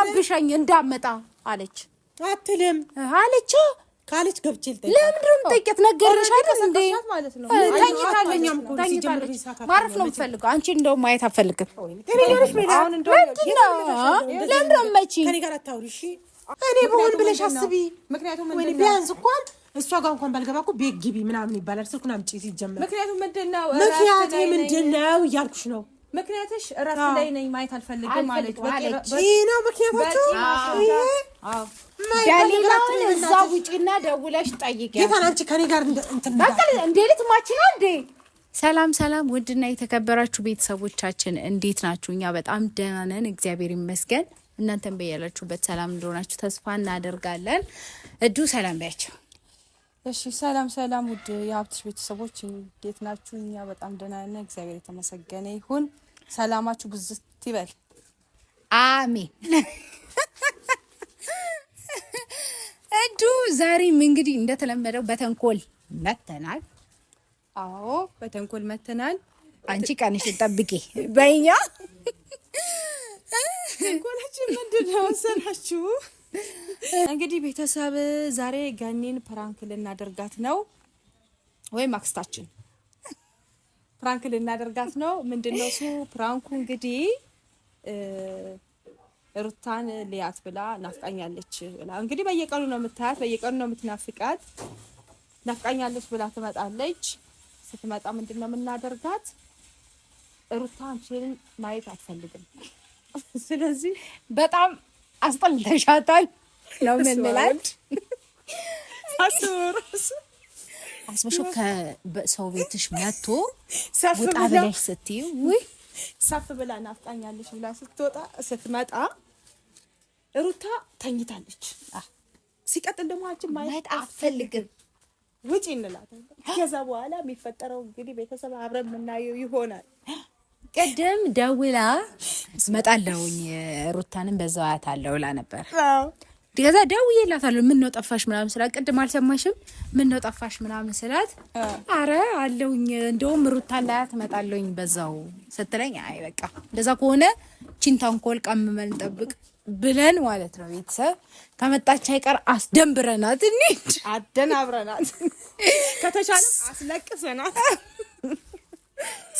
አትረብሸኝ እንዳመጣ አለች አትልም አለች ካለች ገብቼ ልጠይቅ። ለምንድን ነው ነገርሽ አይደል እንዴ? ተኝታለች። ማረፍ ነው የምፈልገው። አንቺ እንደውም ማየት አልፈልግም። ለምንድን ነው መቼ ከእኔ ጋር አታውሪ? እሺ እኔ በሆን ብለሽ አስቢ። ምክንያቱም ወይ ቢያንስ እንኳን እሷ ጋር እንኳን ባልገባ እኮ ቤት ግቢ ምናምን ይባላል። ስልኩን አምጪ ሲጀመር ምክንያቱም ምንድን ነው ምክንያቱም ምንድን ነው እያልኩሽ ነው ምክንያትሽ እረፍት ላይ ነኝ ማየት አልፈልግም ማለት ይህ ነው ምክንያቱ። ደሊላውን እዛ ውጪና ደውለሽ ጠይቂ። አንቺ ከኔ ጋር እንዴት ማች ነው እንዴ? ሰላም ሰላም፣ ውድና የተከበራችሁ ቤተሰቦቻችን እንዴት ናችሁ? እኛ በጣም ደህና ነን፣ እግዚአብሔር ይመስገን። እናንተን በያላችሁበት ሰላም እንደሆናችሁ ተስፋ እናደርጋለን። እዱ ሰላም ቢያቸው እሺ ሰላም ሰላም፣ ውድ የሀብትሽ ቤተሰቦች እንዴት ናችሁ? እኛ በጣም ደህና ነን፣ እግዚአብሔር የተመሰገነ ይሁን። ሰላማችሁ ብዝት ይበል። አሜን። እዱ ዛሬም እንግዲህ እንደተለመደው በተንኮል መተናል። አዎ በተንኮል መተናል። አንቺ ቀንሽን ጠብቄ በኛ ተንኮላችን ምንድን ነው መሰላችሁ? እንግዲህ ቤተሰብ ዛሬ ገኒን ፕራንክ ልናደርጋት ነው፣ ወይም አክስታችን ፕራንክ ልናደርጋት ነው። ምንድነው እሱ ፕራንኩ? እንግዲህ ሩታን ልያት ብላ ናፍቃኛለች ብላ እንግዲህ በየቀኑ ነው የምታያት፣ በየቀኑ ነው የምትናፍቃት። ናፍቃኛለች ብላ ትመጣለች። ስትመጣ ምንድን ነው የምናደርጋት? ሩታ አንቺን ማየት አትፈልግም። ስለዚህ በጣም አስጠልተሻታል ነው የምንላት። አስበሾ ከሰው ቤትሽ መጥቶ ውጣ ብለሽ ስትይው ውይ ሰፍ ብላ ናፍቃኛለች ብላ ስትወጣ ስትመጣ ሩታ ተኝታለች። ሲቀጥል ደግሞ አንቺ ማየት አፈልግም ውጪ እንላት። ከዛ በኋላ የሚፈጠረው እንግዲህ ቤተሰብ አብረን የምናየው ይሆናል። ቅድም ደውላ እመጣለሁኝ ሩታንም በዛው አያታለሁ ብላ ነበር። ከዛ ምን ነው ጠፋሽ ምናምን ስላት፣ ቅድም አልሰማሽም? ምን ነው ጠፋሽ ምናምን ስላት፣ አረ አለውኝ እንደውም ሩታን ላያት እመጣለሁኝ በዛው ስትለኝ፣ አይ በቃ እንደዛ ከሆነ ቺን ተንኮል ቀምመን ጠብቅ ብለን ማለት ነው። ቤተሰብ ከመጣች አይቀር አስደንብረናት እንሂድ፣ አደናብረናት፣ ከተቻለም አስለቅሰናት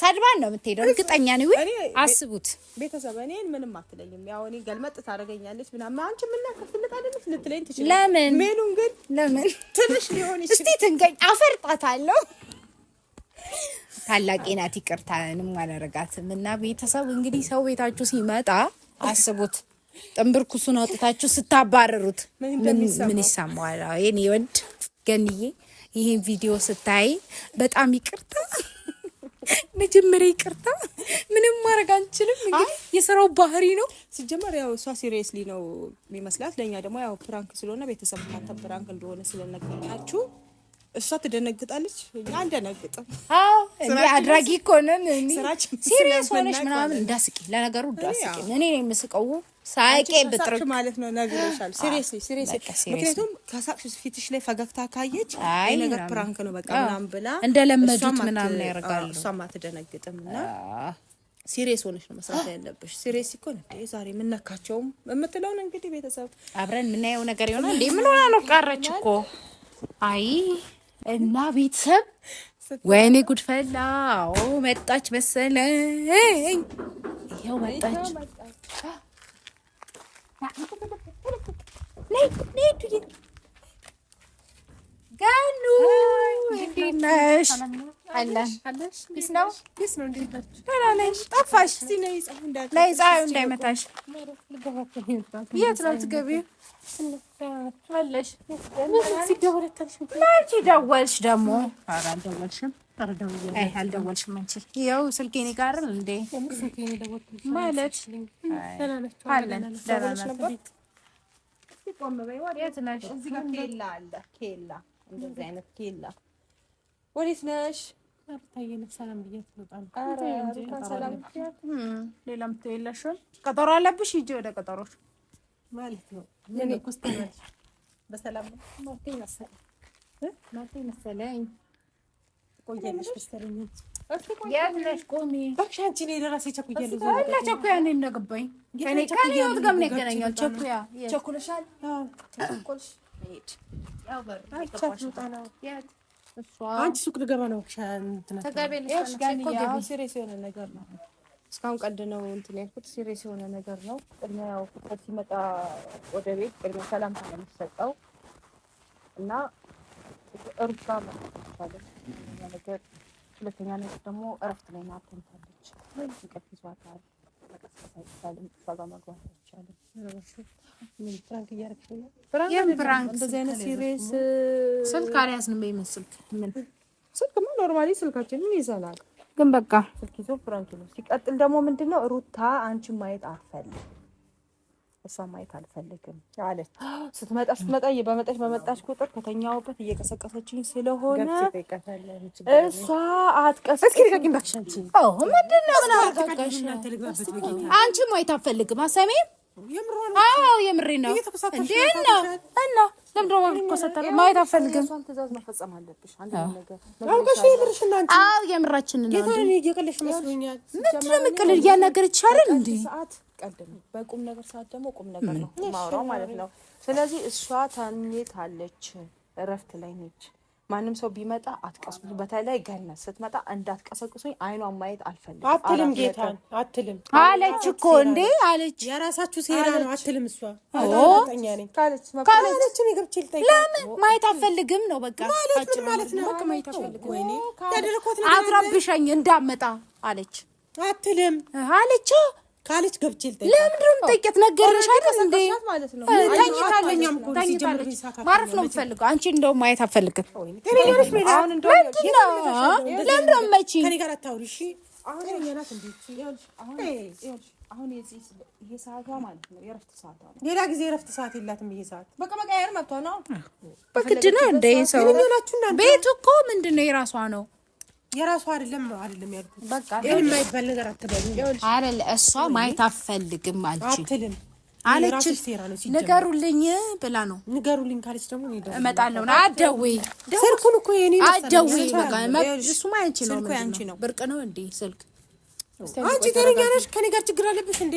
ሰድባን ነው የምትሄደው። እርግጠኛ ነው። አስቡት ቤተሰብ፣ እኔን ምንም አትለኝም። ያው እኔ ገልመጥ ታደርገኛለች ምናምን። አንቺ የምናከፍልህ አይደለች ልትለኝ ትችላለች። ለምን ሜኑን ግን ለምን ትንሽ ሊሆን ይችላል። እስቲ ትንገኝ፣ አፈርጣታለሁ። ታላቅ ናት። ይቅርታንም አላረጋትም እና ቤተሰብ እንግዲህ ሰው ቤታችሁ ሲመጣ አስቡት ጥንብር ኩሱን አውጥታችሁ ስታባረሩት ምን ይሰማዋል? ይህን ይወድ ገንዬ ይህን ቪዲዮ ስታይ በጣም ይቅርታ መጀመሪያ ይቅርታ፣ ምንም ማድረግ አንችልም። እንግዲህ የስራው ባህሪ ነው። ሲጀመር ያው እሷ ሲሪየስሊ ነው የሚመስላት፣ ለእኛ ደግሞ ያው ፕራንክ ስለሆነ ቤተሰብ ካታ ፕራንክ እንደሆነ ስለነገርናችሁ እሷ ትደነግጣለች፣ እኛ አንደነግጥም። አድራጊ እኮ ነን። ሲሪየስ ሆነች ምናምን እንዳስቂ፣ ለነገሩ እንዳስቂ እኔ የምስቀው ሳቄ ብጥሩ ማለት ነው። ነግሮሻል። ሲሪየስሊ ሲሪየስ። ምክንያቱም ከሳቅሽ ፊትሽ ላይ ፈገግታ ካየች አይ ነገር ፕራንክ ነው በቃ ምናምን ብላ እንደለመዱት ምናምን ያደርጋሉ። እሷም አትደነግጥም እና ሲሪየስ ሆነሽ ነው መስራት ያለብሽ። ሲሪየስ ሲኮን እንዴ ዛሬ የምነካቸውም የምትለውን እንግዲህ ቤተሰብ አብረን የምናየው ነገር ይሆናል። እንዴ ምን ሆና ነው ቀረች እኮ አይ እና ቤተሰብ ወይኔ ጉድፈላ መጣች መሰለኝ። ይኸው መጣች። ገኑ እንዴት ነሽ? ጠፋሽ። ፀሐዩ እንዳይመታሽ። የት ነው የምትገቢው? ደወልሽ ደግሞ? ኧረ አልደወልሽም አልደወልሽም አንቺ? ይኸው ስልኬን ይቃርል እንዴ ማለት አለን። ኬላ እንደዚህ አይነት ወዴት ነሽ? ሌላ ምትይው የለሽም? ቀጠሮ አለብሽ? ሂጂ ወደ ቀጠሮሽ ማለት ነው። ቸኮያለሽ መሰለኝ። የት ነሽ? ቁሚ እባክሽ። አንቺ እኔ ለራሴ ቸኩያለሁ። እና ቸኩያ እኔ እናገባኝ ከእኔ ህይወት ጋር ምን ያገናኛል? ቸኩያ ቸኩለሻል። አንቺ ሱቅ ልገባ ነው። ሲሪየስ የሆነ ነገር ነው። እስካሁን ቀልድ ነው እንትን ያልኩት ሲሪየስ የሆነ ነገር ነው። ቅድሚያ ያው ፍቅር ሲመጣ ወደ ቤት ቅድሚያ ሰላምታ ነው የሚሰጠው እና እርሷ ማለት ነገር ሁለተኛ ነገር ደግሞ እረፍት ላይ ማተንታለች ወይ እንቅልፍ ይዟታል። መቀስቀስ አይቻልም። እሷ ጋር መግባት አይቻልም። ፍራንክ እያደረግሽ ፍራንክ እንደዚህ አይነት ሲሪየስ ስልክ አልያዝንም። በይመን ስልክ ምን ስልክማ ኖርማሊ ስልካችንን ይዘናል፣ ግን በቃ ስልክ ይዞ ፍራንክ ነው። ሲቀጥል ደግሞ ምንድን ሩታ አንቺን ማየት አትፈልግም እሷ ማየት አልፈልግም አለች። ስትመጣ ስትመጣ በመጣች ቁጥር ከተኛውበት እየቀሰቀሰችኝ ስለሆነ እሷ አትቀስምንድነው ማየት አልፈልግም አሰሜ አዎ የምሬ ነው። እንዴት እና ማየት አልፈልግም። አዎ የምራችን ነው። ምንድን ነው አይደል እንዴ ቀልድ ነው። በቁም ነገር ሰዓት ደግሞ ቁም ነገር ነው ማውራው ማለት ነው። ስለዚህ እሷ ታኝታለች፣ እረፍት ላይ ነች። ማንም ሰው ቢመጣ አትቀስቅሱ። በተለይ ገነት ስትመጣ እንዳትቀሰቅሱኝ አይኗን ማየት አልፈልግም አትልም። ጌታን አትልም አለች እኮ እንዴ አለች። የራሳችሁ ሴራ ነው አትልም። እሷ ካለች ገብቼ ልጠይቅ ለምን ማየት አልፈልግም ነው በቃ ማለት ማለት ነው። ማየት አትረብሸኝ እንዳመጣ አለች አትልም አለች ካለች ገብቼ ልጠይቅ። ለምንድን ነው የምጠይቂያት? ማረፍ ነው የምትፈልገው አንቺ። እንደውም ማየት አልፈልግም። ለምንድን ነው አሁን ይሄ ሰዓቷ ማለት ነው የእረፍት ሰዓቷ ነው። ሌላ ጊዜ የእረፍት ሰዓት የላትም። ይሄ ሰዓት በቃ መጥቷ ነው። በግድ ነው እንደ ሰው እኮ ምንድን ነው የራሷ ነው የራሱ አይደለም አይደለም ያልኩት። በቃ ይሄን የማይባል ነገር አትበሉ። አይደል እሷ ማየት አትፈልግም አትልም አለች። ንገሩልኝ ብላ ነው ንገሩልኝ ካለች ደግሞ እመጣለሁ። አትደውይ፣ ስልኩን እኮ የኔ ነው። እሱማ ያንቺ ነው። ብርቅ ነው እንዴ ስልክ? አንቺ ተረኛለሽ። ከኔ ጋር ችግር አለብሽ እንዴ?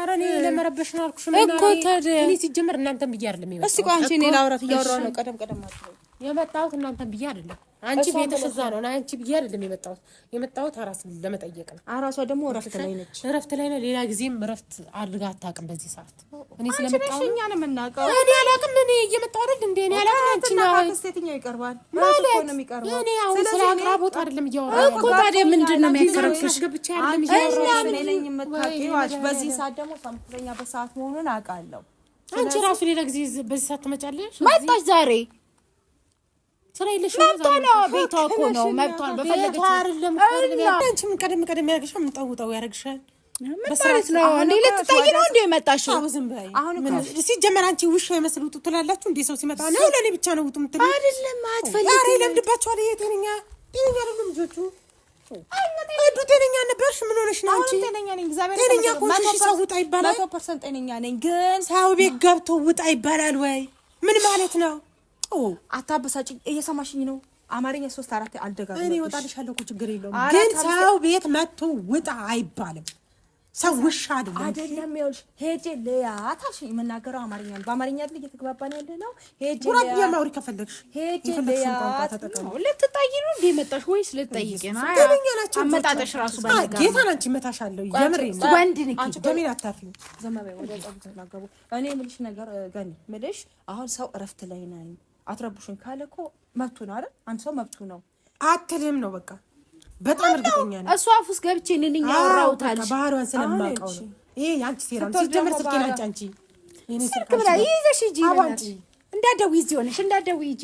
ኧረ እኔ ለመረበሽ ነው አልኩሽ እኮ ታዲያ እኔ ሲጀመር እናንተም ብዬሽ አይደለም። እስቲ ቆይ አንቺ እኔ ላውራት እያወራሁ ነው። ቀደም ቀደም አትበይ የመጣሁት እናንተ ብዬ አይደለም። አንቺ ቤትሽ እዛ ነው። እና አንቺ ብዬ አይደለም የመጣሁት። የመጣሁት አራስ ለመጠየቅ ነው። አራሷ ደግሞ እረፍት ላይ ነች፣ እረፍት ላይ ነው። ሌላ ጊዜም እረፍት አድርጋ አታውቅም። በዚህ ሰዓት እኔ ስለመጣሁ እኛ ነው የምናውቀው። እኔ አላውቅም። እኔ እየመጣሁ አይደል እንዴ? እኔ አላውቅም። አንቺ ነው ሴትኛው ይቀርባል ማለት ነው የሚቀርበው። እኔ አሁን ስለ አቅራቦት አይደለም እያወራሁ እኮ። ታዲያ ምንድን ነው የሚያከረክሽ? ገብቻ አይደለም እያወራሁ እኔ ነኝ የምታውቂው። በዚህ ሰዓት ደግሞ ከምትለኛ በሰዓት መሆኑን አውቃለሁ። አንቺ ራሱ ሌላ ጊዜ በዚህ ሰዓት ትመጫለሽ። መጣሽ ዛሬ ስራ የለሽ መብቷ ነው። ቤቷ እኮ ነው መብቷ ነው። በፈለገች አይደለም አንቺ ምን ቀደም ቀደም ያደርግሻል? ምን ጠውጠው ያደርግሻል? በሰራት ነው እንዴ? ልትጠይቂ ነው እንዴ የመጣሽው? ዝም በይ። ሲጀመር አንቺ ውሻ የመስል ውጡ ትላላችሁ እንዴ? ሰው ሲመጣ ነው ለእኔ ብቻ ነው ውጡ ምትሉ አይደለም። አትፈልጊ ዛሬ ለምድባችኋል። ይሄ ጤነኛ ጤነኛ አይደሉም ልጆቹ። እዱ ጤነኛ ነበርሽ? ምን ሆነሽ ነው አንቺ? ጤነኛ ነኝ። እግዚአብሔር ጤነኛ ሰው ውጣ ይባላል። መቶ ፐርሰንት ጤነኛ ነኝ። ግን ሰው ቤት ገብቶ ውጣ ይባላል ወይ? ምን ማለት ነው? አታበሳጭኝ። እየሰማሽኝ ነው? አማርኛ ሶስት አራት አልደጋግም። እኔ እወጣልሻለሁ እኮ ችግር የለውም። ግን ሰው ቤት መጥቶ ውጣ አይባልም። ሰው ውሻ አይደለም አይደለም። ይኸውልሽ ሄጄ ልያት አልሽኝ። የምናገረው አማርኛ ነው። በአማርኛ አይደል እየተግባባን ያለ ነው። ሄጄ ከፈለግሽ ሄጄ ልያት። ልትጠይቂ ነው እንደ መጣሽ ወይስ ልትጠይቂ ነው? አመጣጠሽ ራሱ የምሬ ነው። ወንድ ንኪ ደሜን ወደ እኔ የምልሽ ነገር ገኒ የምልሽ አሁን ሰው እረፍት ላይ አትረብሹኝ ካለ እኮ መብቱ ነው አይደል? አንድ ሰው መብቱ ነው አትልም ነው በቃ። በጣም እርግጠኛ ነኝ እሱ ውስጥ ገብቼ ልልኝ ያወራውታል። ባህሪዋን ስለማውቀው ነው። ይሄ የአንቺ ሴራ ነው። ሲጀምር ስልኬ ናንቺ አንቺ ስልክ ብላ ይዘሽ ሂጂ ይሆናል። እንዳደዊ እዚህ ሆነሽ እንዳደዊ ሂጂ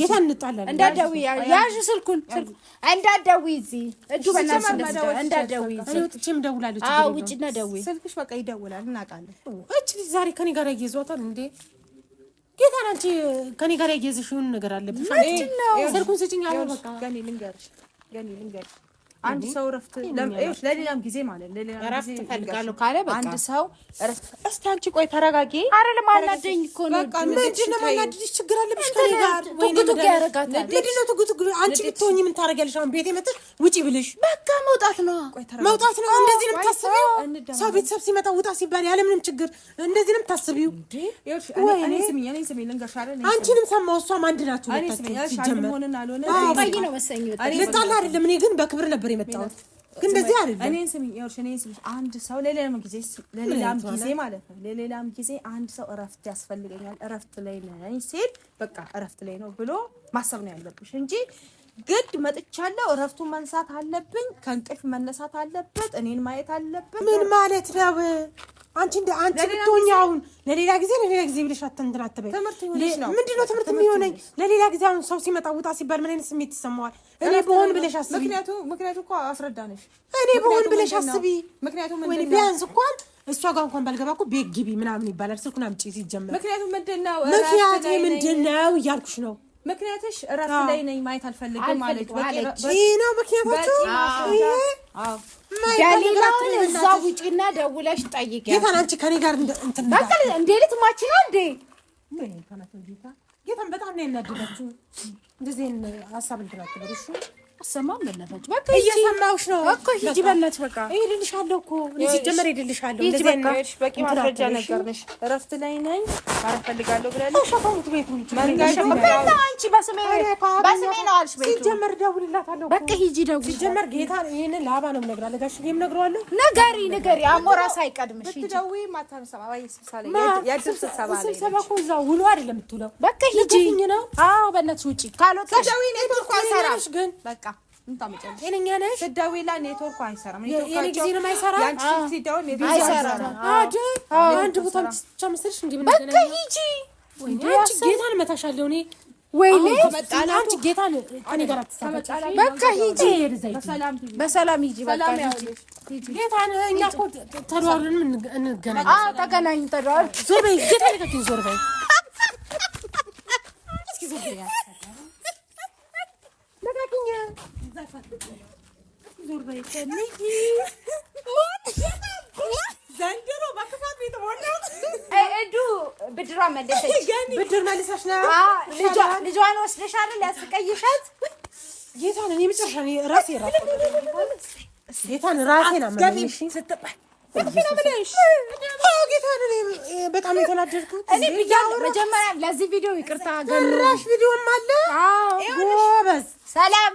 ጌታ እንጣላለን። እንዳደዊ ያዥ ስልኩን እንዳደዊ እዚህ እጁ በእናትሽ እንዳደዊ እዚህ ውጭም ደውላለች። አዎ ውጭ እና ደውይ ስልክሽ በቃ ይደውላል እናውቃለን። እች ዛሬ ከኔ ጋር እየይዟታል እንዴ ጌታ አንቺ ከኔ ጋር ያየዝሽ ነገር አለብሽ። ስልኩን ስጭኝ። አሁን በቃ ገኒ ልንገርሽ፣ ገኒ ልንገርሽ አንድ ሰው እረፍት ለሌላም ጊዜ ማለት እረፍት እፈልጋለሁ ካለ በቃ አንድ ሰው እረፍት። እስቲ አንቺ ቆይ ተረጋጊ። አረ ለማናደኝ እኮ ነው። ምንድን ነው የማናደድሽ? ችግር አለብሽ ከእኔ ጋር? ቱግ ቱግ ያደርጋታል። ምንድን ነው ቱግ ቱግ? አንቺ ብትሆኚ ምን ታደርጊያለሽ? አሁን ቤቴ መጥተሽ ውጪ ብልሽ በቃ መውጣት ነው መውጣት ነው። እንደዚህ ነው የምታስቢው? ሰው ቤተሰብ ሲመጣ ውጣ ሲባል ያለምንም ችግር እንደዚህ ነው የምታስቢው? አንቺንም ሰማሁ እሷም አንድ ናቸው። ልታላ አይደለም እኔ ግን በክብር ነበር ነበር የመጣሁት፣ ግን እንደዚህ አይደለም። እኔን ስሚ፣ ይኸውልሽ፣ እኔን ስሚ፣ አንድ ሰው ለሌላም ጊዜ ለሌላም ጊዜ ማለት ነው ለሌላም ጊዜ አንድ ሰው እረፍት ያስፈልገኛል እረፍት ላይ ነኝ ሲል በቃ እረፍት ላይ ነው ብሎ ማሰብ ነው ያለብሽ እንጂ ግድ መጥቻለሁ እረፍቱን መንሳት አለብኝ፣ ከእንቅልፍ መነሳት አለበት፣ እኔን ማየት አለበት። ምን ማለት ነው? አንቺ እንደ አንቺ ብትሆኚ አሁን ለሌላ ጊዜ ለሌላ ጊዜ ብለሽ አትንትን አትበይ። ምንድን ነው ትምህርት የሚሆነኝ ለሌላ ጊዜ? አሁን ሰው ሲመጣ ውጣ ሲባል ምን አይነት ስሜት ይሰማዋል? እኔ በሆን ብለሽ አስቢ። ምክንያቱ ምክንያቱ እኮ አስረዳነሽ። እኔ በሆን ብለሽ አስቢ። ምክንያቱም ወይ ቢያንስ እንኳን እሷ ጋር እንኳን ባልገባ እኮ ቤት ግቢ ምናምን ይባላል። ስልኩን አምጪ ሲጀመር ምክንያቱ ምንድነው? ነው ምክንያቱ ምንድን ነው እያልኩሽ ነው። ምክንያትሽ እራስ ላይ ነኝ ማየት አልፈልግም ማለች ይህ ነው ምክንያቶቹ። ዳሊማውን እዛ ውጪና ደውለሽ ጠይቂ። ጌታን አንቺ ከኔ ጋር እንትን እንዴ ልትማች ነው እንዴ? ጌታን በጣም ነው ያናደዳችሁ እንደዚህ ሀሳብ እንድናትበሩ ሰማም በእናታች በቃ እየሰማሁሽ ነው እኮ ሂጂ በእናትሽ በቃ እሄድልሻለሁ እኮ ሲጀመር እሄድልሻለሁ በቂ ማስረጃ ነገር ነሽ እረፍት ላይ ነኝ ማለት ፈልጋለሁ ብላለሽ አንቺ በስሜ ነው አልሽ ሲጀመር እደውልላታለሁ በቃ ሂጂ ደውል ሲጀመር ጌታ ይሄንን ለአባ ነው የምነግርሃለሁ ጋሽ ይሄም እነግረዋለሁ ንገሪ ንገሪ አሞራ ሳይቀድምሽ ብትደውይም አታነሳም ስብሰባ ስብሰባ እኮ እዛ ውሎ አይደለም የምትውለው በቃ ሂጂ ነው አዎ በእናትሽ ውጪ ካልወጣሽ ግን በቃ ጤነኛ ነሽ? ስትደውይላ ኔትወርኩ አይሰራም። ጌታን እመታሻለሁ እኔ ወይኔ አንቺ ጌታን እኔ በቃ ሂጂ፣ በሰላም ሂጂ። በቃ ጌታን ዘንድሮ በክፋት ቤት ሆነው እዱ ብድሯ መለሰች። ብድር መልሰሽ ነው ልጇን ወስደሽ አይደል ያስቀይሻት። ጌታን እኔ መጨረሻ ራሴ ጌታን ራሴን ጌታን በጣም የተናደድኩት መጀመሪያ ለዚህ ቪዲዮ ይቅርታ ገራሽ ቪዲዮም አለ ጎበዝ ሰላም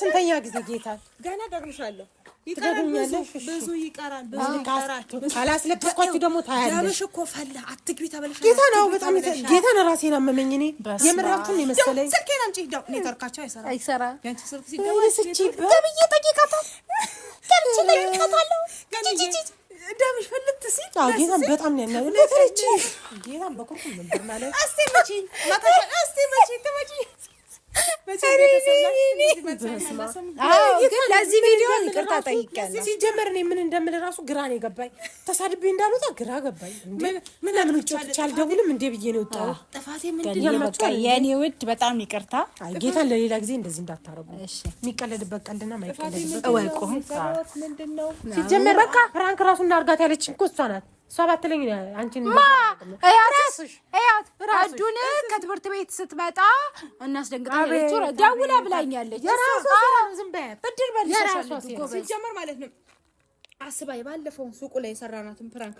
ስንተኛ ጊዜ ጌታ ገና ደግምሻለሁ። ብዙ ይቀራል። ካላስለቀስኳችሁ ደግሞ ታያለሽ እኮ ፈላ አትግቢ ተበለሽ ጌታ ነው። በጣም ጌታ ራሴን አመመኝ። እኔ የምራችሁን የመሰለኝ ስልኬን አምጪ ሂደው ኔትወርካቸው አይሰራ አይሰራ ጌታን በጣም ነው ያናገረኝ። ጌታን በኩርኩም ነበር ማለት ግን ለዚህ ቪዲዮ ይቅርታ ጠይቄያለሁ። ሲጀመር እኔ ምን እንደምል እራሱ ግራ ነው የገባኝ። ተሳድቤ እንዳልወጣ ግራ ገባኝ። ለምን ውጭ አልደውልም እንዴ ብዬ ነው የወጣሁት። የእኔ ውድ በጣም ይቅርታ ጌታ። ለሌላ ጊዜ እንደዚህ እንዳታረጉ። የሚቀለድበት ቀልድና ማይቀለድበት እወቁ። ሲጀመር በቃ ፍራንክ እራሱ እናርጋት ያለችኝ እኮ እሷ ናት። እሷ ባትለኝ አንቺን ከትምህርት ቤት ስትመጣ እናስደንግጣለች። ደውላ ብላኛለች። ማለት ነው አስባ የባለፈውን ሱቁ ላይ የሰራናትን ፕራንክ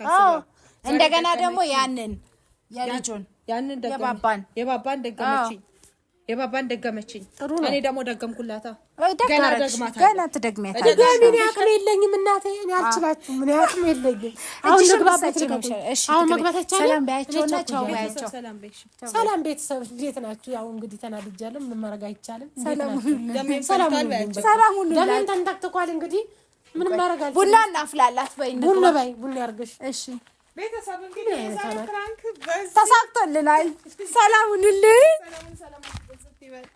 እንደገና ደግሞ ያንን የልጁን ያንን የባባን የባባን ደገመችኝ የባባን ደገመችኝ። ጥሩ ነው። እኔ ደግሞ ደገምኩላታ። ገና ደግማታ ገና ትደግሚያታለሽ። እኔ አቅም የለኝም እናቴ፣ እኔ አልችላችሁም። እኔ አቅም የለኝም። አሁን መግባታችን ሰላም በያቸውና ቻው በያቸው። ሰላም ቤተሰብ እንዴት ናችሁ? ያው እንግዲህ ተናድጃለሁ። ምንም ማድረግ አይቻልም። ሰላም ሁሉ ደሜን ተንተክተኳል። እንግዲህ ምንም ማድረግ አልቻልኩም። ቡና እናፍላላት በይ፣ ቡና በይ፣ ቡና ያርግሽ። እሺ ቤተሰብ እንግዲህ ተሳክቶልናል። ሰላም ሁኑልኝ። Evet.